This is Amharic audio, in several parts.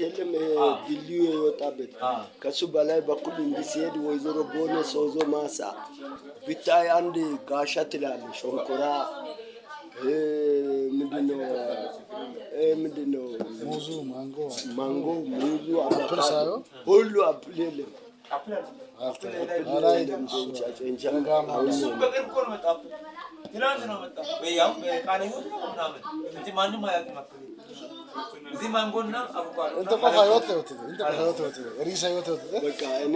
የለም ድልድዩ የወጣበት ከሱ በላይ በኩል እንዲህ ሲሄድ ወይዘሮ በሆነ ሰውዞ ማሳ ብታይ አንድ ጋሻ ትላለ። ሸንኮራ ምንድነው ሙዙ ማንጎ ሙዙ ሁሉ አፕል የለም ትናንት ነው መጣ።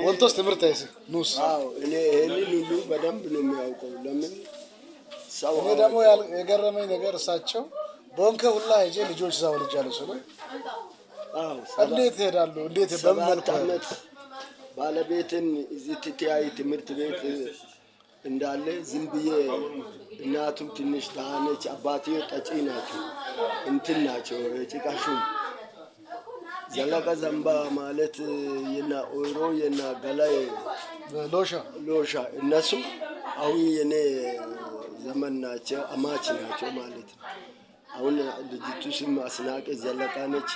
ወንቶስ ትምህርት አይስ ኑስ ሁሉ በደንብ ነው የሚያውቀው። ለምን እኔ ደግሞ የገረመኝ ነገር እሳቸው በወንከ ሁላ ሄጄ ልጆች እዛ ወልጃለሁ ስለ እንዴት ይሄዳሉ እንዴት ባለቤትን እዚህ ትቲያይ ትምህርት ቤት እንዳለ ዝም ብዬ እናቱም ትንሽ ታነች፣ አባቴ ጠጪ ናቸው፣ እንትን ናቸው ጭቃሹ ዘለቀ ዘንባ ማለት የና ኦይሮ የና ገላይ ሎሻ ሎሻ እነሱ አሁን የኔ ዘመን ናቸው፣ አማች ናቸው ማለት ነው። አሁን ልጅቱ ስም አስናቄ ዘለቃ ነች።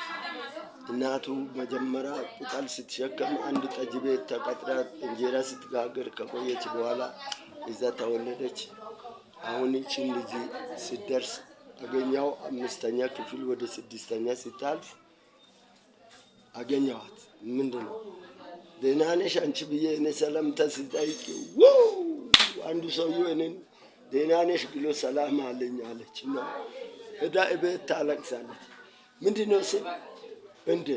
እናቱ መጀመሪያ ቅጠል ስትሸከም አንድ ጠጅ ቤት ተቀጥራ እንጀራ ስትጋገር ከቆየች በኋላ እዛ ተወለደች። አሁን ይችን ልጅ ስደርስ አገኘው። አምስተኛ ክፍል ወደ ስድስተኛ ስታልፍ አገኘዋት። ምንድን ነው ደህና ነሽ አንቺ ብዬ እኔ ሰላምታ ስጠይቅ አንዱ ሰውዬው እኔን ደህና ነሽ ብሎ ሰላም አለኝ አለች እና እዳ እቤት ታለቅሳለች። ምንድን ነው ስል እንዴ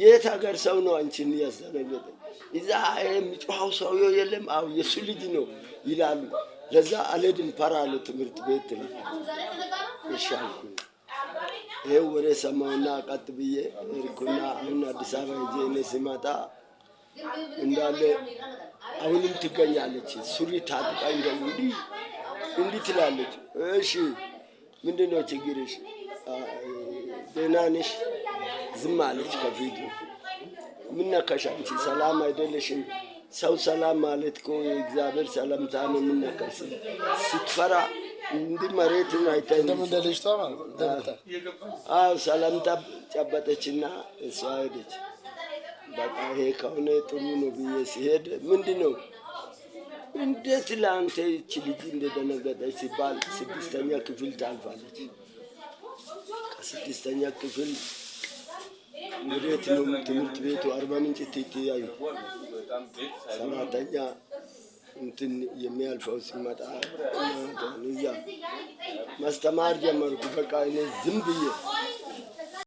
የት ሀገር ሰው ነው አንቺን ያስደነገጠ? እዛ የሚጮኸው ሰውዬው የለም። አዎ የእሱ ልጅ ነው ይላሉ። ለዛ አልሄድም ፈራሉ። ትምህርት ቤት ይሻልኩ። ይህ ወሬ ሰማሁና ቀጥ ብዬ ርኩና አሁን አዲስ አበባ ሄጄ እኔ ሲመጣ እንዳለ አሁንም ትገኛለች። ሱሪ ታጥቃ እንደ እንዲህ እንዲህ ትላለች። እሺ ምንድን ነው ችግርሽ? ደህና ነሽ? ዝም አለች። ከቪዲዮ ምነካሽ አንቺ ሰላም አይደለሽም። ሰው ሰላም ማለት እኮ የእግዚአብሔር ሰላምታ ነው። የምነካሽ ስትፈራ እንዲህ መሬትን አይታ ሰላምታ ጨበጠችና እሷ ሄደች። በቃ ይሄ ከሆነ ጥሩ ነው ብዬ ሲሄድ ምንድን ነው እንዴት ለአንተ ይቺ ልጅ እንደደነገጠች ሲባል ስድስተኛ ክፍል ታልፋለች። ከስድስተኛ ክፍል ነው! ትምህርት ቤቱ አርባ ምንጭ ትትያዩ ሰባተኛ እንትን የሚያልፈው ሲመጣ እያ! ማስተማር ጀመርኩ። በቃ እኔ ዝም ብዬ